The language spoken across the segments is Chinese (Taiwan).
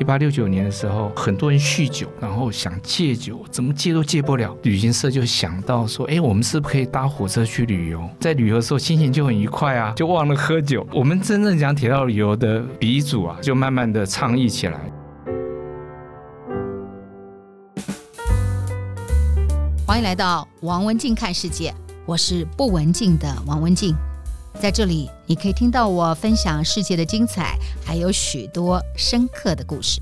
一八六九年的時候，很多人酗酒，然後想戒酒，怎麼戒都戒不了。旅行社就想到說：“哎，我們是不是可以搭火車去旅遊？在旅遊的時候，心情就很愉快啊，就忘了喝酒。”我們真正講鐵道旅遊的鼻祖啊，就慢慢的倡議起來。歡迎來到王文靜看世界，我是不文靜的王文靜。在這裡，你可以聽到我分享世界的精彩，還有許多深刻的故事。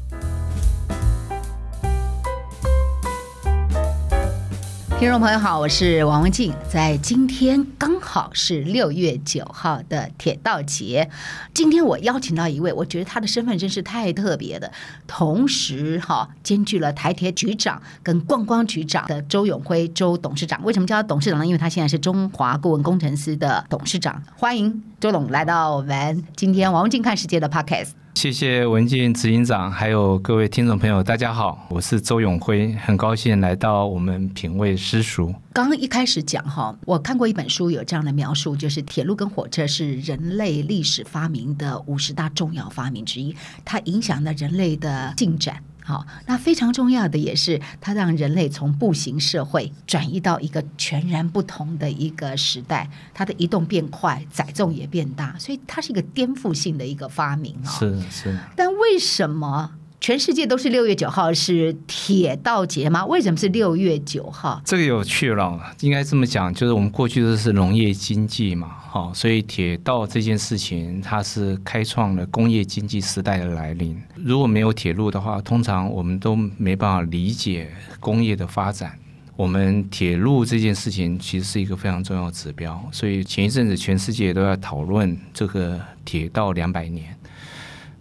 聽眾朋友好，我是王文靜，在今天剛好是六月九號的鐵道節。今天我邀請到一位，我覺得他的身份真是太特別的。同時，哈，兼具了台鐵局長跟觀光局長的周永輝周董事長。為什麼叫他董事長呢？因為他現在是中華顧問工程師的董事長。歡迎周董來到我們今天王文靜看世界的 podcast。謝謝文靜執行長，還有各位聽眾朋友，大家好，我是周永暉，很高興來到我們品味私塾。剛剛一開始講哈，我看過一本書有這樣的描述，就是鐵路跟火車是人類歷史發明的五十大重要發明之一，它影響了人類的進展。好，那非常重要的也是，它讓人類從步行社會轉移到一個全然不同的一個時代。它的移動變快，載重也變大，所以它是一個顛覆性的一個發明。是是。是但為什麼？全世界都是六月九號是鐵道節嗎？為什麼是六月九號？這個有趣了，應該這麼講，就是我們過去都是農業經濟嘛，好，哦，所以鐵道這件事情它是開創了工業經濟時代的來臨。如果沒有鐵路的話，通常我們都沒辦法理解工業的發展。我們鐵路這件事情其實是一個非常重要的指標，所以前一陣子全世界都要討論這個鐵道兩百年。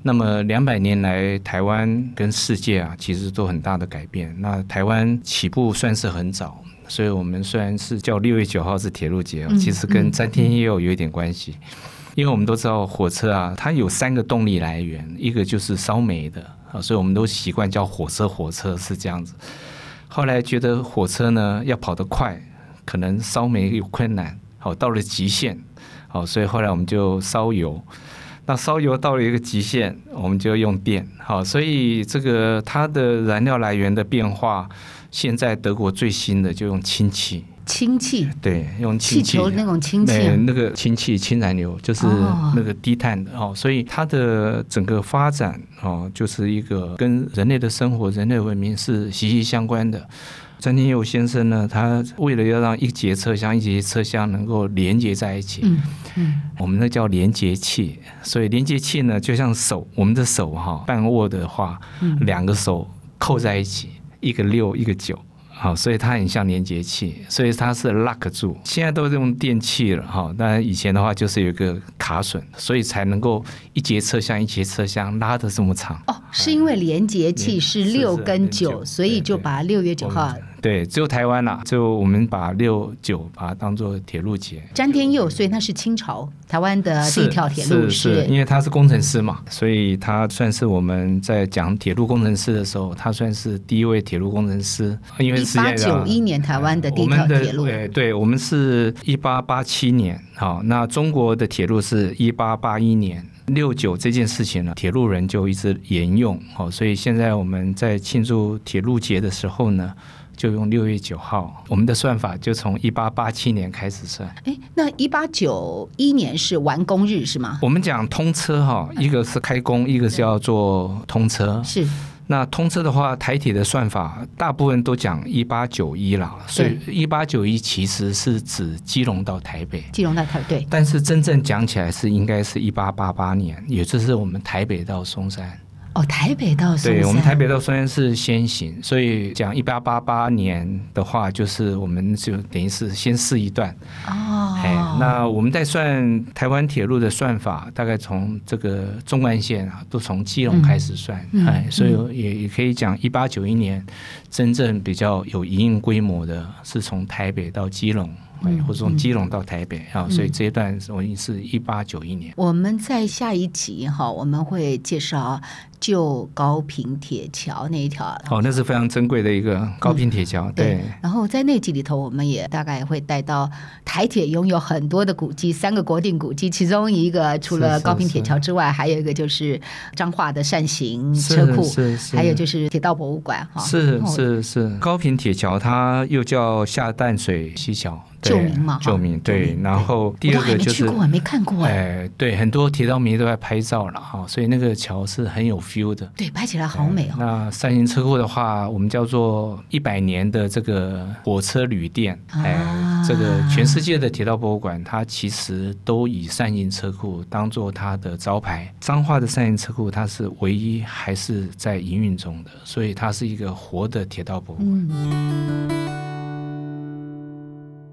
那麼兩百年來，台灣跟世界啊，其實都很大的改變。那台灣起步算是很早，所以我們雖然是叫六月九號是鐵路節，其實跟詹天佑有，有一點關係，嗯嗯，因為我們都知道火車啊，它有三個動力來源，一個就是燒煤的啊，所以我們都習慣叫火車火車，是這樣子。後來覺得火車呢要跑得快，可能燒煤有困難，好，到了極限，好，所以後來我們就燒油。那燒油到了一個極限，我們就用電。好，所以這個它的燃料來源的變化，現在德國最新的就用氫氣。氫氣。對，用氫氣。氣球那種氫氣。那個氫氣氫燃油就是那個低碳的哦，所以它的整個發展哦，就是一個跟人類的生活、人類文明是息息相關的。詹天佑先生呢，他為了要讓一節車廂、一節車廂能夠連接在一起，嗯嗯，嗯我們那叫連接器。所以連接器呢，就像手，我們的手哈、哦，半握的話，兩個手扣在一起，嗯、一個六，一個九。好，所以它很像連接器，所以它是 lock 住。現在都用電器了哈，但以前的話就是有一個卡榫，所以才能夠一節車廂一節車廂拉的這麼長。哦，是因為連接器是六跟九，是，是所以就把六月九號對對。對，只有台灣了，啊。就我們把六九把它當做鐵路節。詹天佑，所以那是清朝台灣的第一條鐵路，是，是是是因為他是工程師嘛，嗯、所以他算是我們在講鐵路工程師的時候，他算是第一位鐵路工程師，因為是一八九一年台灣的第一條鐵路，對，我們是一八八七年，好，那中國的鐵路是一八八一年，六九這件事情呢，鐵路人就一直沿用，好，所以現在我們在慶祝鐵路節的時候呢。就用六月九號，我們的算法就從一八八七年開始算。哎，那一八九一年是完工日是嗎？我們講通車哈，一個是開工，嗯、一個是要做通車。是對。那通車的話，台鐵的算法大部分都講一八九一了，所以一八九一其實是指基隆到台北，基隆到台北。對。但是真正講起來是應該是一八八八年，也就是我們台北到松山。哦，台北到松山。對，我們台北到松山是先行，所以講一八八八年的話，就是我們就等於是先試一段。哦、哎。那我們在算台灣鐵路的算法，大概從這個縱貫線啊，都從基隆開始算。嗯嗯、哎，所以也也可以講一八九一年，嗯、真正比較有一定規模的是從台北到基隆。或者從基隆到台北啊，所以這一段我已是一八九一年。我們在下一集哈，我們會介紹舊高屏鐵橋那一條。哦，那是非常珍貴的一個高屏鐵橋。對。然後在那集裡頭，我們也大概會帶到台鐵擁有很多的古蹟，三個國定古蹟，其中一個除了高屏鐵橋之外，還有一個就是彰化的扇形車庫，還有就是鐵道博物館。哈，是是是。高屏鐵橋，它又叫下淡水溪橋。就明嘛，就明。對，然後第二個就是，沒看過哎、啊呃，對，很多鐵道迷都在拍照了哈、哦，所以那個橋是很有 feel 的，對，拍起來好美哦。呃、那扇形車庫的話，我們叫做一百年的這個火車旅店，哎、嗯呃，這個全世界的鐵道博物館，啊、它其實都以扇形車庫當做它的招牌。彰化的扇形車庫，它是唯一還是在營運中的，所以它是一個活的鐵道博物館。嗯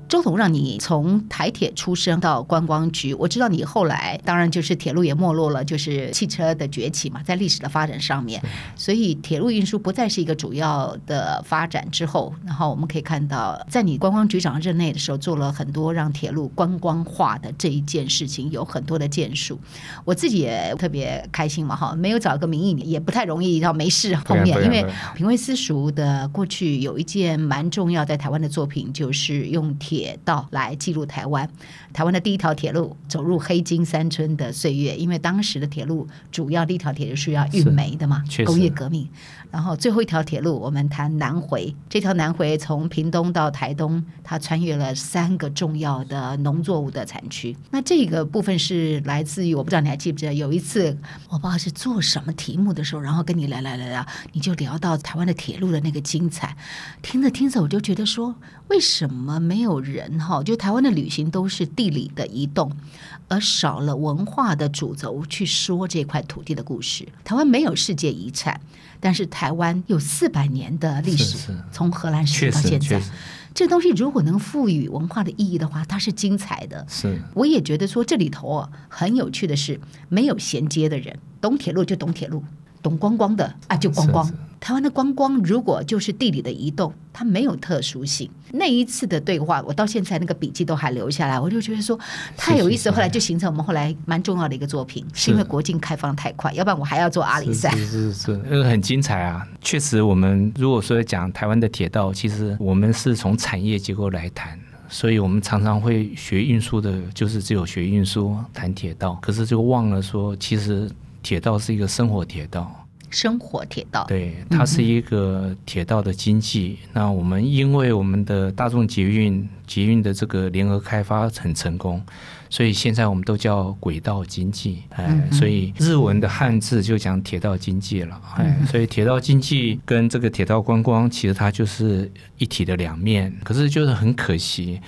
周總，讓你從台鐵出生到觀光局，我知道你後來當然就是鐵路也沒落了，就是汽車的崛起嘛，在歷史的發展上面，所以鐵路運輸不再是一個主要的發展之後，然後我們可以看到，在你觀光局長任內的時候，做了很多讓鐵路觀光化的這一件事情，有很多的建樹。我自己也特別開心嘛，哈，沒有找個名義也不太容易，要沒事碰面，啊啊啊啊、因為品味私塾的過去有一件蠻重要在台灣的作品，就是用鐵。鐵道來記錄台灣，台灣的第一條鐵路走入黑金山村的歲月，因為當時的鐵路主要第一條鐵路是要運煤的嘛，工業革命。然後最後一條鐵路，我們談南回，這條南回從屏東到台東，它穿越了三個重要的農作物的產區。那這個部分是來自於我不知道你還記不記得，有一次我不知道是做什麼題目的時候，然後跟你聊聊聊聊，你就聊到台灣的鐵路的那個精彩。聽着聽着，我就覺得說，為什麼沒有人哈，就台灣的旅行都是地理的移動，而少了文化的主軸去說這塊土地的故事。台灣沒有世界遺產。但是台灣有四百年的歷史，是是從荷蘭時到現在，這東西如果能賦予文化的意義的話，它是精彩的。是，我也覺得說這裡頭啊很有趣的是，沒有銜接的人懂鐵路就懂鐵路。懂觀光的啊，就觀光。是是台灣的觀光如果就是地理的移動，它沒有特殊性。那一次的對話，我到現在那個筆記都還留下來，我就覺得說太有意思。後來就形成我們後來蠻重要的一個作品，是，是，是因為國境開放太快，要不然我還要做阿里山。是是，是是是，很精彩啊。確實，我們如果說講台灣的鐵道，其實我們是從產業結構來談，所以我們常常會學運輸的，就是只有學運輸談鐵道，可是就忘了說其實。鐵道是一個生活鐵道，生活鐵道，對，它是一個鐵道的經濟。嗯嗯，那我們因為我們的大眾捷運、捷運的這個聯合開發很成功，所以現在我們都叫軌道經濟。哎，所以日文的漢字就講鐵道經濟了。哎，所以鐵道經濟跟這個鐵道觀光，其實它就是一體的兩面。可是就是很可惜。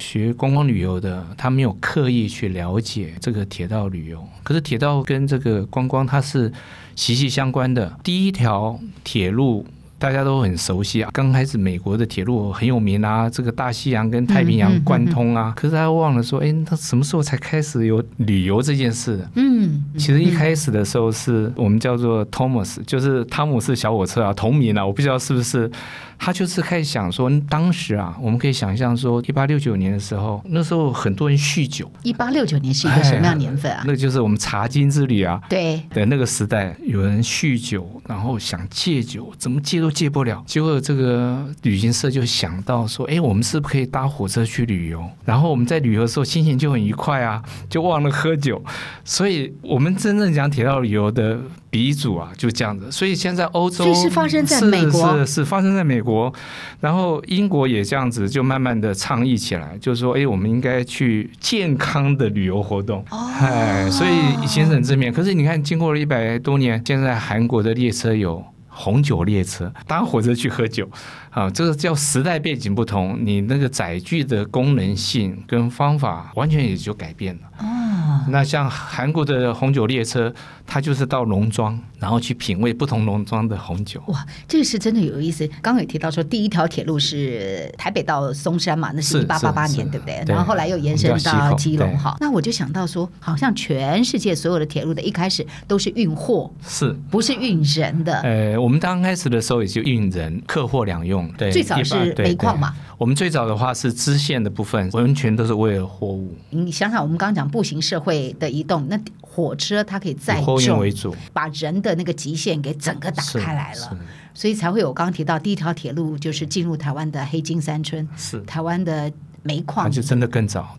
學觀光旅遊的，他沒有刻意去了解這個鐵道旅遊，可是鐵道跟這個觀光它是息息相關的。第一條鐵路。大家都很熟悉啊，剛開始美國的鐵路很有名啊，這個大西洋跟太平洋貫通啊，嗯嗯嗯嗯、可是他忘了說，哎，他什麼時候才開始有旅遊這件事？嗯，嗯其實一開始的時候是，嗯嗯、是我們叫做 Thomas，就是湯姆斯小火車啊，同名啊，我不知道是不是他就是開始想說，當時啊，我們可以想象說，一八六九年的時候，那時候很多人酗酒。一八六九年是一個什麼樣年份啊？哎、那個就是我們茶經之旅啊，對，對，那個時代有人酗酒，然後想戒酒，怎麼戒都。戒不了，結果這個旅行社就想到說：“哎、欸，我們是不是可以搭火車去旅遊？然後我們在旅遊的時候心情就很愉快啊，就忘了喝酒。所以，我們真正講鐵道旅遊的鼻祖啊，就這樣子。所以現在歐洲是發生在美國，是是，發生在美國，然後英國也這樣子，就慢慢的倡議起來，就是說：哎、欸，我們應該去健康的旅遊活動。哎、oh.，所以已經很正面。可是你看，經過了一百多年，現在韓國的列車有。紅酒列車搭火車去喝酒啊，這個叫時代背景不同，你那個載具的功能性跟方法完全也就改變了。嗯那像韓國的紅酒列車，它就是到農莊，然後去品味不同農莊的紅酒。哇，這個是真的有意思。剛有提到說，第一條鐵路是台北到松山嘛，那是一八八八年，是是是，對不對？對，然後後來又延伸到基隆哈。那我就想到說，好像全世界所有的鐵路的一開始都是運貨，是不是運人的？呃，我們剛開始的時候也就運人，客貨兩用。對，最早是煤礦嘛。我們最早的話是支線的部分，完全都是為了貨物。你想想，我們剛講步行社會的移動，那火車它可以載貨運為主，把人的那個極限給整個打開來了，所以才會有剛提到第一條鐵路，就是進入台灣的黑金山村，是台灣的煤礦，那就真的更早。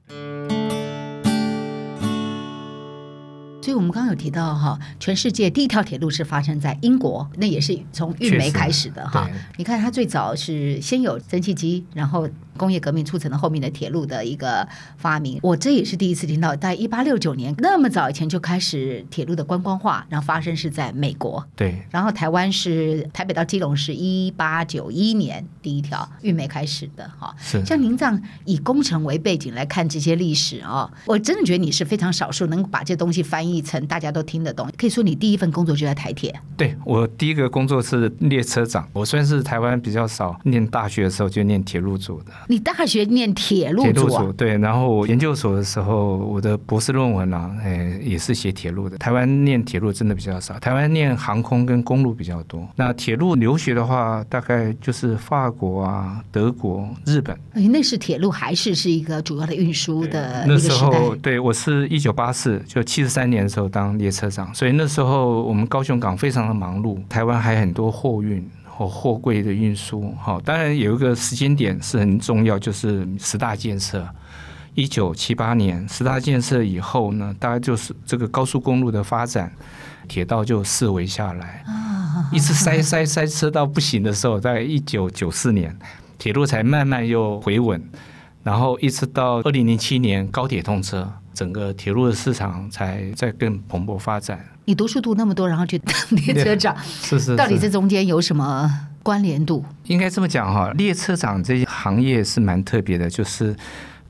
所以，我們剛剛有提到哈，全世界第一條鐵路是發生在英國，那也是從運煤開始的哈。啊、你看，它最早是先有蒸汽機，然後。工業革命促成了後面的鐵路的一個發明，我這也是第一次聽到，在一八六九年那麼早以前就開始鐵路的觀光化，然後發生是在美國，對，然後台灣是台北到基隆是一八九一年第一條運煤開始的，哈，是。像您這樣以工程為背景來看這些歷史啊，我真的覺得你是非常少數能把這東西翻譯成大家都聽得懂。可以說你第一份工作就在台鐵？對，對，我第一個工作是列車長，我雖然是台灣比較少念大學的時候就念鐵路組的。你大學念鐵路、啊？研究所，對，然後我研究所的時候，我的博士論文呢、啊，哎，也是寫鐵路的。台灣念鐵路真的比較少，台灣念航空跟公路比較多。那鐵路留學的話，大概就是法國啊、德國、日本。哎，那是鐵路還是是一個主要的運輸的一個時代？那時候，對我是一九八四，就七十三年的時候當列車長，所以那時候我們高雄港非常的忙碌，台灣還很多貨運。貨櫃的運輸，好，當然有一個時間點是很重要，就是十大建設。一九七八年，十大建設以後呢，大家就是這個高速公路的發展，鐵道就式微下來，一直塞塞塞車到不行的時候，在一九九四年，鐵路才慢慢又回穩，然後一直到二零零七年高鐵通車。整個鐵路的市場才在更蓬勃發展。你讀書讀那麼多，然後去當列車長，是，是是，到底這中間有什麼關聯度？應該這麼講哈，列車長這些行業是蠻特別的，就是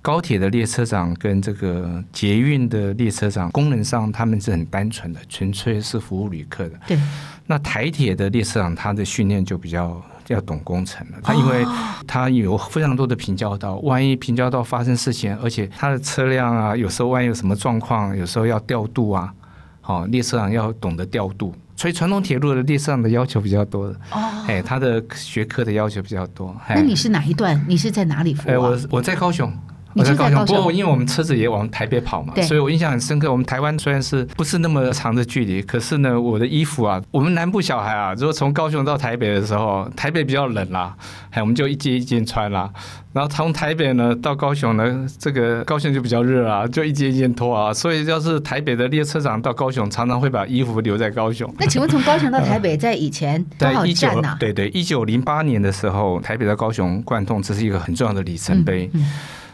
高鐵的列車長跟這個捷運的列車長，功能上他們是很單純的，純粹是服務旅客的。對，那台鐵的列車長，他的訓練就比較要懂工程，他因為他有非常多的平交道，萬一平交道發生事情，而且他的車輛啊，有時候萬一有什麼狀況，有時候要調度啊，好、哦，列車長要懂得調度，所以傳統鐵路的列車長的要求比較多的，哦、哎，他的學科的要求比較多。那你是哪一段？哎、你是在哪裡、服務啊？哎，我我在高雄。我在高雄，高雄不過我因為我們車子也往台北跑嘛，對所以我印象很深刻。我們台灣雖然是不是那麼長的距離，可是呢，我的衣服啊，我們南部小孩啊，如果從高雄到台北的時候，台北比較冷啦、啊，我們就一件一件穿啦、啊。然後從台北呢到高雄呢，這個高雄就比較熱啊，就一件一件脫啊。所以要是台北的列車長到高雄，常常會把衣服留在高雄。那請問從高雄到台北在以前在一九哪？ 對, 19, 對對，一九零八年的時候，台北到高雄貫通，這是一個很重要的里程碑。嗯嗯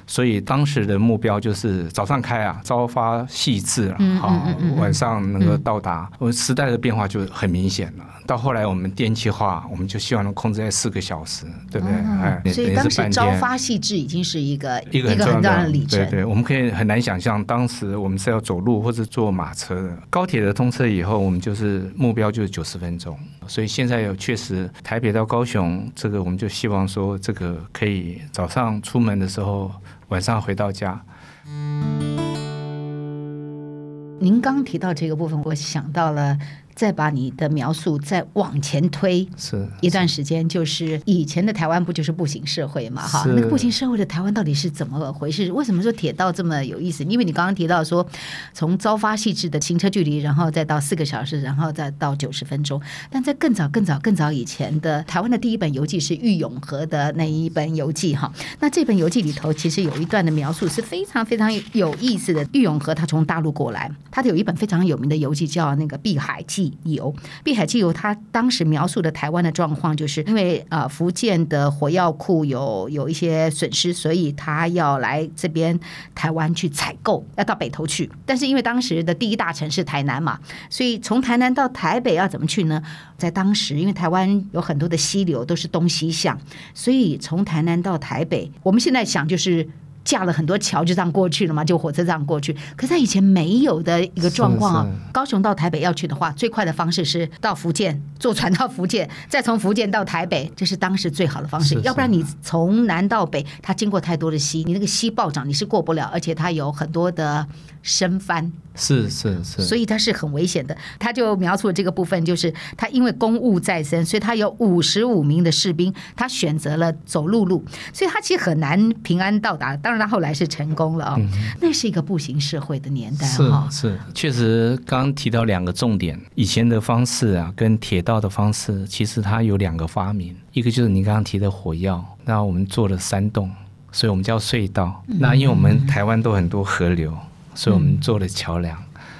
所以當時的目標就是早上開啊，朝發夕至，啊，好，嗯嗯嗯，晚上能夠到達。我們、嗯、時代的變化就很明顯了。到後來我們電氣化，我們就希望能控制在四個小時，對不對？哦，哎，所以當時朝發夕至已經是一個一個很重要的里程。對，對，我們可以很難想象，當時我們是要走路或者坐馬車的。高鐵的通車以後，我們就是目標就是九十分鐘。所以現在有確實台北到高雄，這個我們就希望說這個可以早上出門的時候。晚上回到家，您剛提到這個部分，我想到了。再把你的描述再往前推，是，是一段時間，就是以前的台灣不就是步行社會嘛？哈是，那個步行社會的台灣到底是怎麼回事？為什麼說鐵道這麼有意思？因為你剛剛提到說，從朝發夕至的行車距離，然後再到四個小時，然後再到九十分鐘。但在更早、更早、更早以前的台灣的第一本遊記是郁永河的那一本遊記哈。那這本遊記裡頭其實有一段的描述是非常非常有意思的。郁永河他從大陸過來，他有一本非常有名的遊記叫那個《碧海記》。有裨海紀遊，他當時描述的台灣的狀況，就是因為啊福建的火藥庫有有一些損失，所以他要來這邊台灣去採購，要到北投去。但是因為當時的第一大城市台南嘛，所以從台南到台北要怎麼去呢？在當時，因為台灣有很多的溪流都是東西向，所以從台南到台北，我們現在想就是。架了很多橋就這樣過去了嘛，就火車這樣過去。可是他以前沒有的一個狀況啊，是是，高雄到台北要去的話，最快的方式是到福建坐船到福建，再從福建到台北，這是當時最好的方式。是是，要不然你從南到北，它經過太多的溪，你那個溪暴漲，你是過不了，而且它有很多的。升帆是是是，是是，所以他是很危險的。他就描述了這個部分，就是他因為公務在身，所以他有五十五名的士兵，他選擇了走陸路，路，所以他其實很難平安到達。當然，他後來是成功了啊、哦。嗯、哼那是一個步行社會的年代、哦是，是是確實。剛提到兩個重點，以前的方式啊，跟鐵道的方式，其實它有兩個發明，一個就是你剛剛提的火藥。那我們做了山洞，所以我們叫隧道。嗯、那因為我們台灣都很多河流。所以我們做了橋梁，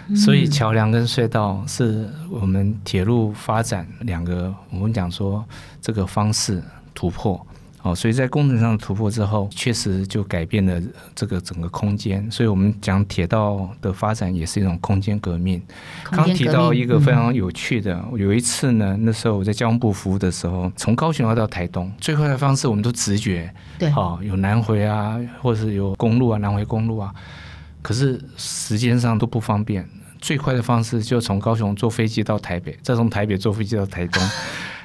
嗯、所以橋梁跟隧道是我們鐵路發展兩個我們講說這個方式突破哦，所以在工程上的突破之後，確實就改變了這個整個空間。所以我們講鐵道的發展也是一種空間革命。革命剛提到一個非常有趣的，嗯、有一次呢，那時候我在交通部服務的時候，從高雄到台東，最快的方式我們都直覺對、哦、有南回啊，或者是有公路啊，南回公路啊。可是時間上都不方便，最快的方式就從高雄坐飛機到台北，再從台北坐飛機到台東。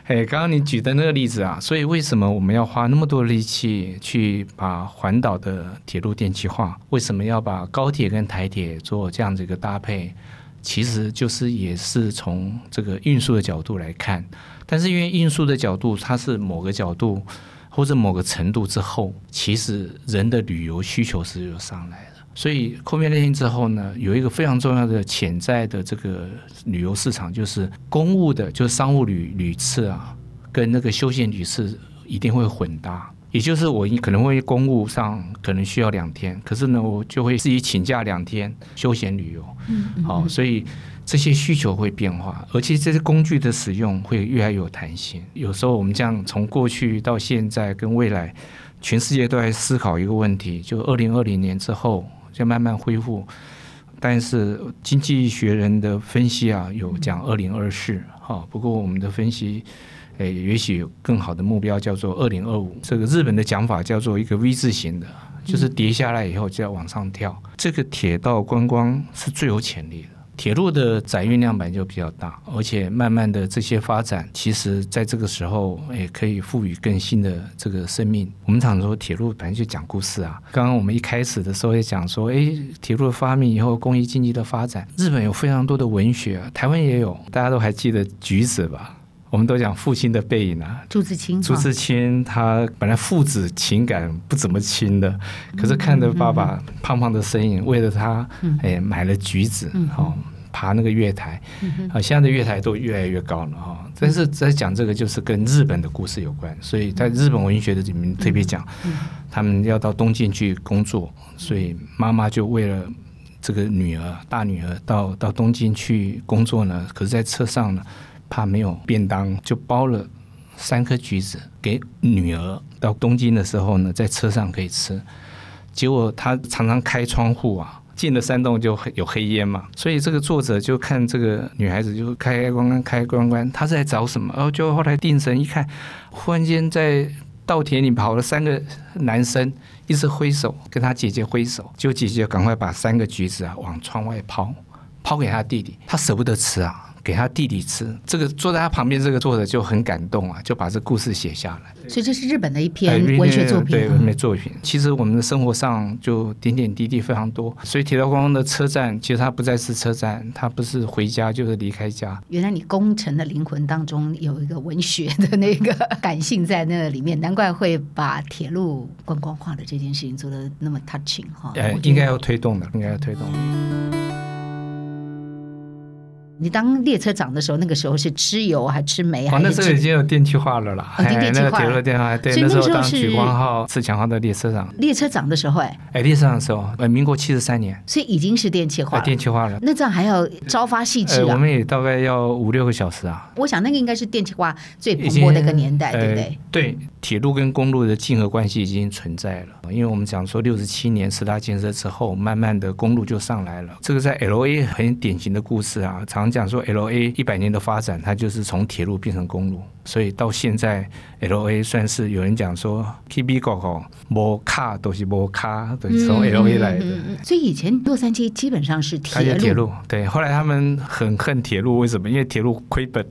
哎， hey, 剛剛你舉的那個例子啊，所以為什麼我們要花那麼多力氣去把環島的鐵路電氣化？為什麼要把高鐵跟台鐵做這樣子一個搭配？其實就是也是從這個運輸的角度來看，但是因為運輸的角度，它是某個角度或者某個程度之後，其實人的旅遊需求是有上來的。所以，擴面裂性之後呢，有一個非常重要的潛在的這個旅遊市場，就是公務的，就是商務旅旅次啊，跟那個休閒旅次一定會混搭。也就是我可能會公務上可能需要兩天，可是呢，我就會自己請假兩天休閒旅遊。嗯，嗯，嗯，好，所以這些需求會變化，而且這些工具的使用會越來越有彈性。有時候我們這樣從過去到現在跟未來，全世界都在思考一個問題，就二零二零年之後。在慢慢恢復，但是經濟學人的分析啊，有講二零二四哈，不過我們的分析，誒，也許有更好的目標叫做二零二五。這個日本的講法叫做一個 V 字形的，就是跌下來以後就要往上跳。這個鐵道觀光是最有潛力的。鐵路的載運量本來就比較大，而且慢慢的這些發展，其實在這個時候也可以賦予更新的這個生命。我們常說鐵路本來就講故事啊，剛剛我們一開始的時候也講說，哎、欸，鐵路發明以後，工業經濟的發展，日本有非常多的文學、啊，台灣也有，大家都還記得橘子吧。我們都講父親的背影啊，朱自清。朱自清，清他本來父子情感不怎麼親的，嗯、可是看着爸爸胖胖的身影，嗯、為了他，嗯、哎，買了橘子，哈、嗯哦，爬那個月台，嗯嗯、啊，現在的月台都越來越高了，哈、哦。但是在講這個，就是跟日本的故事有關，所以在日本文學的裡面特別講，嗯嗯嗯、他們要到東京去工作，所以媽媽就為了這個女兒，大女兒到到東京去工作呢，可是，在車上呢。怕沒有便當，就包了三顆橘子給女兒。到東京的時候呢，在車上可以吃。結果她常常開窗戶啊，進了山洞就有黑煙嘛。所以這個作者就看這個女孩子，就開開關關開開關關，她是在找什麼？然後就後來定神一看，忽然間在稻田裡跑了三個男生，一直揮手，跟他姐姐揮手。結果姐姐就趕快把三個橘子啊往窗外拋，拋給他弟弟。他捨不得吃啊。給他弟弟吃，這個坐在他旁邊這個作者就很感動啊，就把這故事寫下來。對所以這是日本的一篇文學作品、哎。對文學作品，嗯、其實我們的生活上就點點滴滴非常多。所以鐵道觀光的車站，其實它不再是車站，它不是回家就是離開家。原來你工程的靈魂當中有一個文學的那個感性在那裡面，難怪會把鐵路觀光化的這件事情做得那麼 touching 哈。對、哎，應該要推動的，應該要推動的。你當列車長的時候，那個時候是吃油還吃煤啊、哦？那時候已經有電氣化了啦，哦、已經電氣化了，鐵、那個、路電氣對,對，那時候當莒光號、自強號的列車長,列車長、欸。列車長的時候，哎、嗯，列車長的時候，呃，民國七十三年。所以已經是電氣化，電氣化了。呃、化了那這樣還要朝發夕至啊、呃呃？我們也大概要五六個小時啊。我想那個應該是電氣化最蓬勃的一個年代，呃、對,對不對？對、嗯。鐵路跟公路的競合關係已經存在了，因為我們講說六十七年十大建設之後，慢慢的公路就上來了。這個在 L A 很典型的故事啊，常講說 L A 一百年的發展，它就是從鐵路變成公路。所以到現在 L A 算是有人講說，K B 高哥沒卡都是沒卡，都是從 L A 來的。嗯，嗯。所以以前洛杉磯基本上是鐵路。路，對。後來他們很恨鐵路，為什麼？因為鐵路虧本，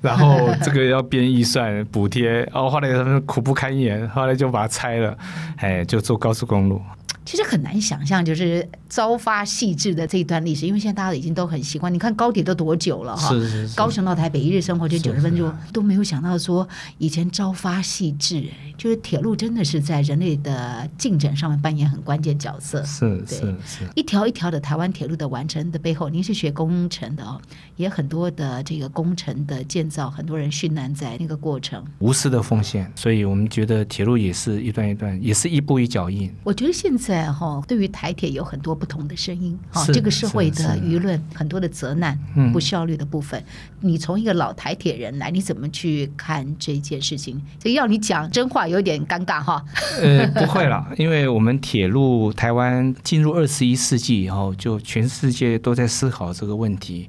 然後這個要編預算補貼，哦， 後來他們。苦不堪言，後來就把它拆了，哎，就走高速公路。其實很難想象，就是朝發夕至的這一段歷史，因為現在大家已經都很習慣。你看高鐵都多久了哈、哦？是是是。高雄到台北一日生活就九十分鐘，是是是。都沒有想到說以前朝發夕至，就是鐵路真的是在人類的進展上面扮演很關鍵角色。是是是。一條一條的台灣鐵路的完成的背後，您是學工程的哦，也很多的這個工程的建造，很多人殉難在那個過程，無私的奉獻。所以我們覺得鐵路也是一段一段，也是一步一腳印。我覺得現在。對吼，對於台鐵有很多不同的聲音，哈是，這個社會的輿論很多的責難，不效率的部分，嗯、你從一個老台鐵人來，你怎麼去看這件事情？這要你講真話有點尷尬哈。呃、嗯， 不會了，因為我們鐵路台灣進入二十一世紀以後，就全世界都在思考這個問題。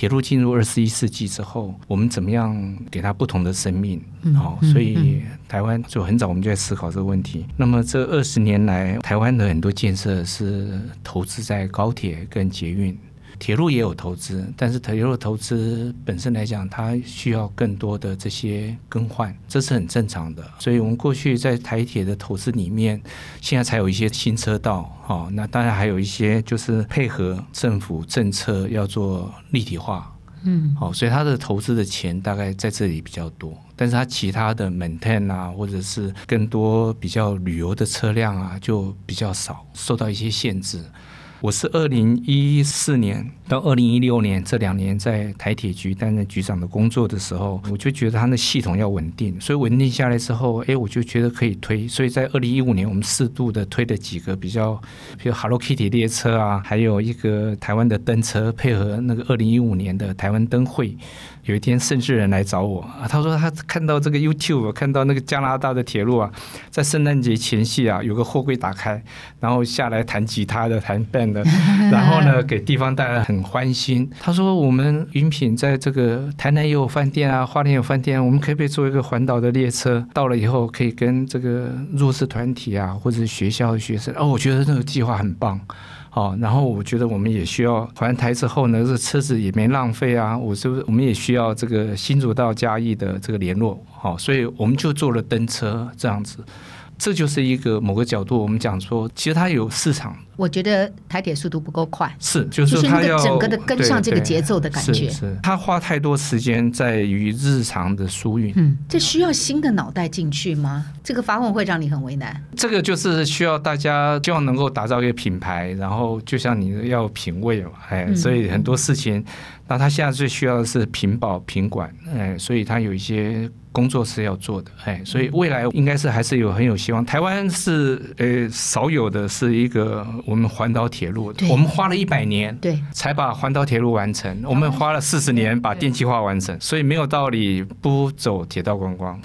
鐵路進入二十一世紀之後，我們怎麼樣給它不同的生命？嗯，哦，所以台灣就很早我們就在思考這個問題。那麼這二十年來，台灣的很多建設是投資在高鐵跟捷運。鐵路也有投資，但是鐵路投資本身來講，它需要更多的這些更換，這是很正常的。所以，我們過去在台鐵的投資裡面，現在才有一些新車道。好、哦，那當然還有一些就是配合政府政策要做立體化。嗯，好、哦，所以它的投資的錢大概在這裡比較多，但是它其他的 maintain 啊，或者是更多比較旅遊的車輛啊，就比較少，受到一些限制。我是二零一四年到二零一六年這兩年在台鐵局擔任局長的工作的時候，我就覺得它的系統要穩定，所以穩定下來之後，哎，我就覺得可以推。所以在二零一五年，我們適度的推了幾個比較，比如 Hello Kitty 列車啊，還有一個台灣的燈車，配合那個二零一五年的台灣燈會。有一天，盛治仁來找我啊，他說他看到這個 YouTube，看到那個加拿大的鐵路啊，在聖誕節前夕啊，有個貨櫃打開，然後下來彈吉他的，彈 band 的，然後呢給地方帶來很歡欣。 他說我們雲品在這個台南也有飯店啊，花蓮有飯店，我們可不可以做一個環島的列車？到了以後可以跟這個弱勢團體啊，或者學校的學生，哦，我覺得那個計劃很棒。好，然後我覺得我們也需要還台之後呢，這車子也沒浪費啊。我是不是我們也需要這個新竹到嘉義的這個聯絡？好，所以我們就坐了登車這樣子。這就是一個某個角度，我們講說，其實它有市場。我覺得台鐵速度不夠快。是，就是它的整個的跟上這個節奏的感覺。是，它花太多時間在於日常的疏運。嗯，這需要新的腦袋進去嗎？這個發問會讓你很為難。這個就是需要大家希望能夠打造一個品牌，然後就像你要品味了。哎，所以很多事情。嗯，那他現在最需要的是品保品管，哎，所以他有一些。工作是要做的，哎，所以未來應該是還是有很有希望。台灣是呃少有的，是一個我們環島鐵路，對我們花了一百年，對，才把環島鐵路完成。我們花了四十年把電氣化完成，啊、所以沒有道理不走鐵道觀光。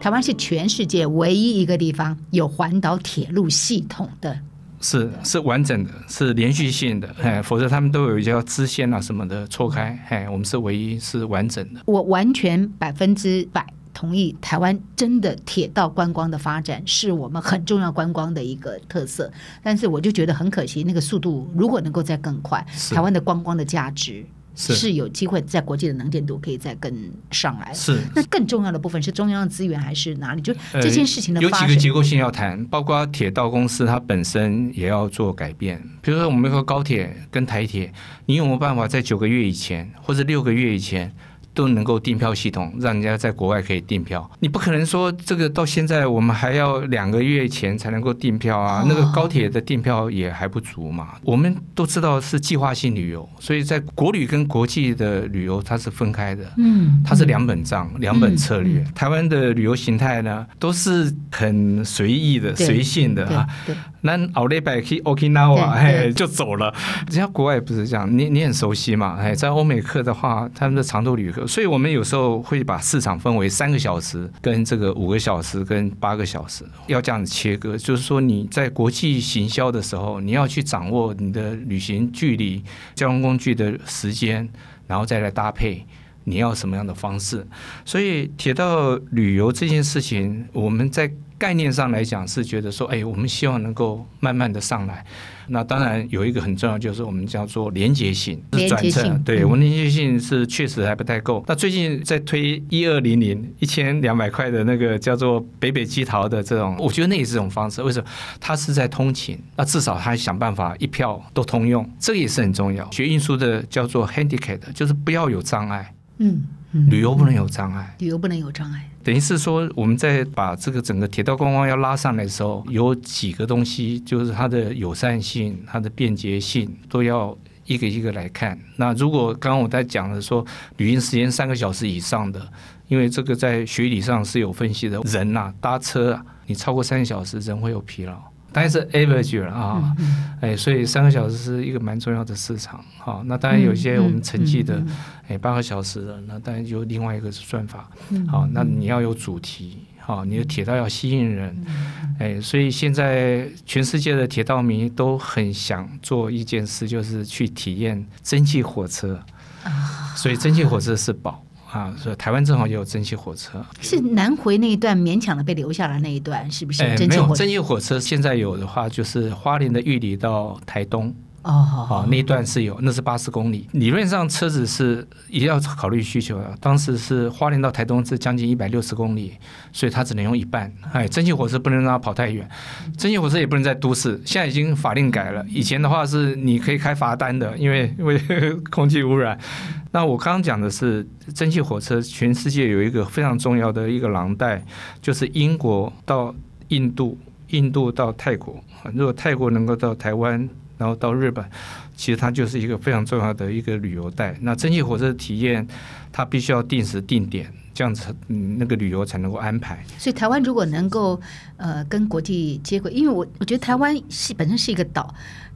台灣是全世界唯一一個地方有環島鐵路系統的。是是完整的，是連續性的，哎，否則他們都有一條支線啊什麼的錯開，哎，我們是唯一是完整的。我完全百分之百同意，台灣真的鐵道觀光的發展是我們很重要觀光的一個特色。但是我就覺得很可惜，那個速度如果能夠再更快，是台灣的觀光的價值。是，是有機會在國際的能見度可以再跟上來，是。那更重要的部分是中央的資源還是哪裡？就這件事情的、呃、有幾個結構性要談，包括鐵道公司它本身也要做改變。比如說我們說高鐵跟台鐵，你有沒有辦法在九個月以前或者六個月以前？都能夠訂票系統，讓人家在國外可以訂票。你不可能說這個到現在我們還要兩個月前才能夠訂票啊！哦、那個高鐵的訂票也還不足嘛。我們都知道是計劃性旅遊，所以在國旅跟國際的旅遊它是分開的，嗯，它是兩本賬、嗯、兩本策略。嗯、台灣的旅遊形態呢，都是很隨意的、對隨性的、啊。但奧雷百去 okinawa 就走了，人家對國外不是這樣，你你很熟悉嘛？哎，在歐美客的話，他們的長途旅客，所以我們有時候會把市場分為三個小時、跟這個五個小時、跟八個小時，要這樣切割。就是說，你在國際行銷的時候，你要去掌握你的旅行距離、交通工具的時間，然後再來搭配你要什麼樣的方式。所以鐵道旅遊這件事情，我們在。概念上來講是覺得說，哎，我們希望能夠慢慢的上來。那當然有一個很重要就是我們叫做連接性，連接性是轉，對，我們連接性是確實還不太夠。嗯、那最近在推一二零零一千兩百塊的那個叫做北北基桃的這種，我覺得那也是一種方式。為什麼？它是在通勤，那至少它想辦法一票都通用，這也是很重要。學運輸的叫做 handicap 就是不要有障礙。嗯嗯，嗯旅遊不能有障礙，旅遊不能有障礙。等於是說，我們在把這個整個鐵道觀光要拉上來的時候，有幾個東西，就是它的友善性、它的便捷性，都要一個一個來看。那如果剛剛我在講的說，旅行時間三個小時以上的，因為這個在學理上是有分析的，人吶，搭車啊，你超過三個小時，人會有疲勞。當然是 average 了，哦、啊，嗯嗯、哎，所以三個小時是一個蠻重要的市場哈、哦。那當然有些我們城際的、嗯嗯嗯、哎，八個小時的，那當然有另外一個算法。好、嗯哦，那你要有主題，好、哦，你的鐵道要吸引人，嗯嗯、哎，所以現在全世界的鐵道迷都很想做一件事，就是去體驗蒸汽火車，啊、所以蒸汽火車是寶。啊，所以台灣正好也有蒸汽火車，是南回那一段勉強的被留下來那一段，是不是？沒有、哎、蒸汽火車，火車現在有的話就是花蓮的玉里到台東。哦好好好好，那一段是有，那是八十公里。理論上車子是一定要考慮需求的。當時是花蓮到台東是將近一百六十公里，所以它只能用一半。哎，蒸汽火車不能讓它跑太遠，蒸汽火車也不能在都市。現在已經法令改了，以前的話是你可以開罰單的，因為因為呵呵空氣污染。那我剛剛講的是蒸汽火車，全世界有一個非常重要的一個廊帶，就是英國到印度，印度到泰國。如果泰國能夠到台灣，然後到日本，其實它就是一個非常重要的一個旅遊帶。那蒸汽火車的體驗，它必須要定時定點，這樣子，嗯，那個旅遊才能夠安排。所以台灣如果能夠，呃，跟國際接軌，因為我我覺得台灣是本身是一個島。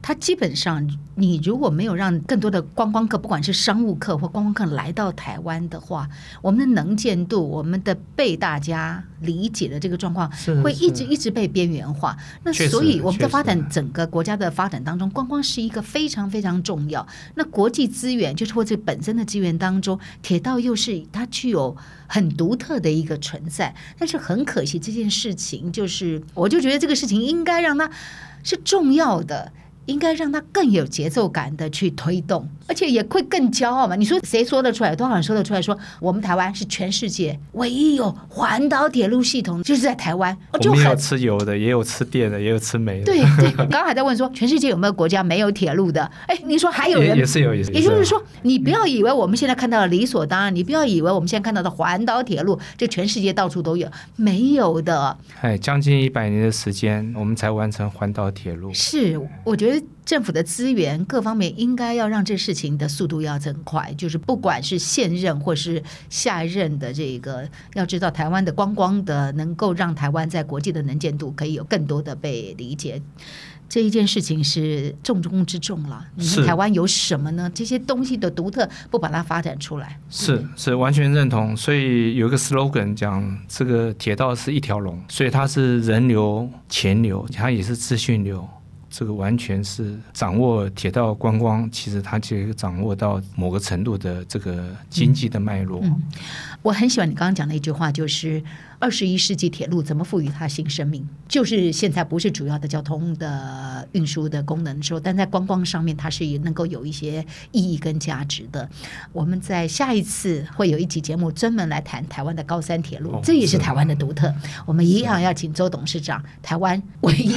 它基本上，你如果沒有讓更多的觀光客，不管是商務客或觀光客來到台灣的話，我們的能見度，我們的被大家理解的這個狀況，會一直一直被邊緣化。那所以我們在發展整個國家的發展當中，觀光是一個非常非常重要。那國際資源，就是或者本身的資源當中，鐵道又是它具有很獨特的一個存在。但是很可惜，這件事情就是，我就覺得這個事情應該讓它是重要的。嗯應該讓他更有節奏感的去推動，而且也會更驕傲嘛。你說誰說得出來？多少人說得出來？說我們台灣是全世界唯一有環島鐵路系統，就是在台灣。我們也有吃油的，很也有吃電的，也有吃煤的。對對，對剛剛還在問說全世界有沒有國家沒有鐵路的？哎，你說還有人也，也是有，也就是說，你不要以為我們現在看到的理所當然，你不要以為我們現在看到的環島鐵路，這全世界到處都有，沒有的。哎，將近一百年的時間，我們才完成環島鐵路。是，我覺得。政府的資源各方面應該要讓這事情的速度要增快，就是不管是現任或是下一任的這個，要知道台灣的觀光的能夠讓台灣在國際的能見度可以有更多的被理解，這一件事情是重中之重了。你們台灣有什麼呢？是這些東西的獨特不把它發展出來，是是，完全認同。所以有一個 slogan 講這個鐵道是一條龍，所以它是人流、錢流，它也是資訊流。這個完全是掌握鐵道觀光，其實它其實掌握到某個程度的這個經濟的脈絡。嗯，嗯，我很喜歡你剛剛講的一句話，就是。二十一世紀鐵路怎麼賦予它新生命？就是現在不是主要的交通的運輸的功能的時候，但在觀光上面，它是也能夠有一些意義跟價值的。我們在下一次會有一集節目專門來談台灣的高山鐵路，哦、這也是台灣的獨特。是我們一樣要請周董事長，是台灣唯一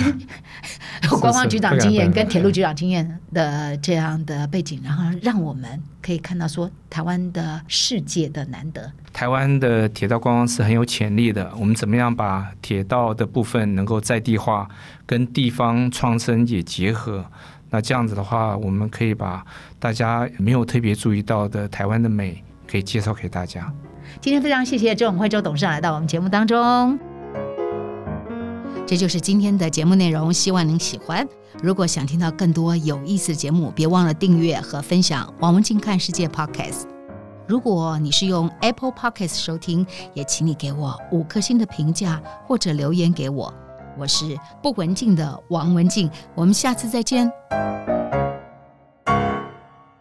觀光局長經驗跟鐵路局長經驗的這樣的背景，然後讓我們。可以看到說，說台灣的世界的難得。台灣的鐵道觀光是很有潛力的。我們怎麼樣把鐵道的部分能夠在地化，跟地方創生也結合？那這樣子的話，我們可以把大家沒有特別注意到的台灣的美，可以介紹給大家。今天非常謝謝周永輝周董事長來到我們節目當中。這就是今天的節目內容，希望您喜歡。如果想聽到更多有意思的節目，別忘了訂閱和分享王文靜看世界 Podcast。如果你是用 Apple Podcast 收聽，也請你給我五顆星的評價或者留言給我。我是不文靜的王文靜，我們下次再見。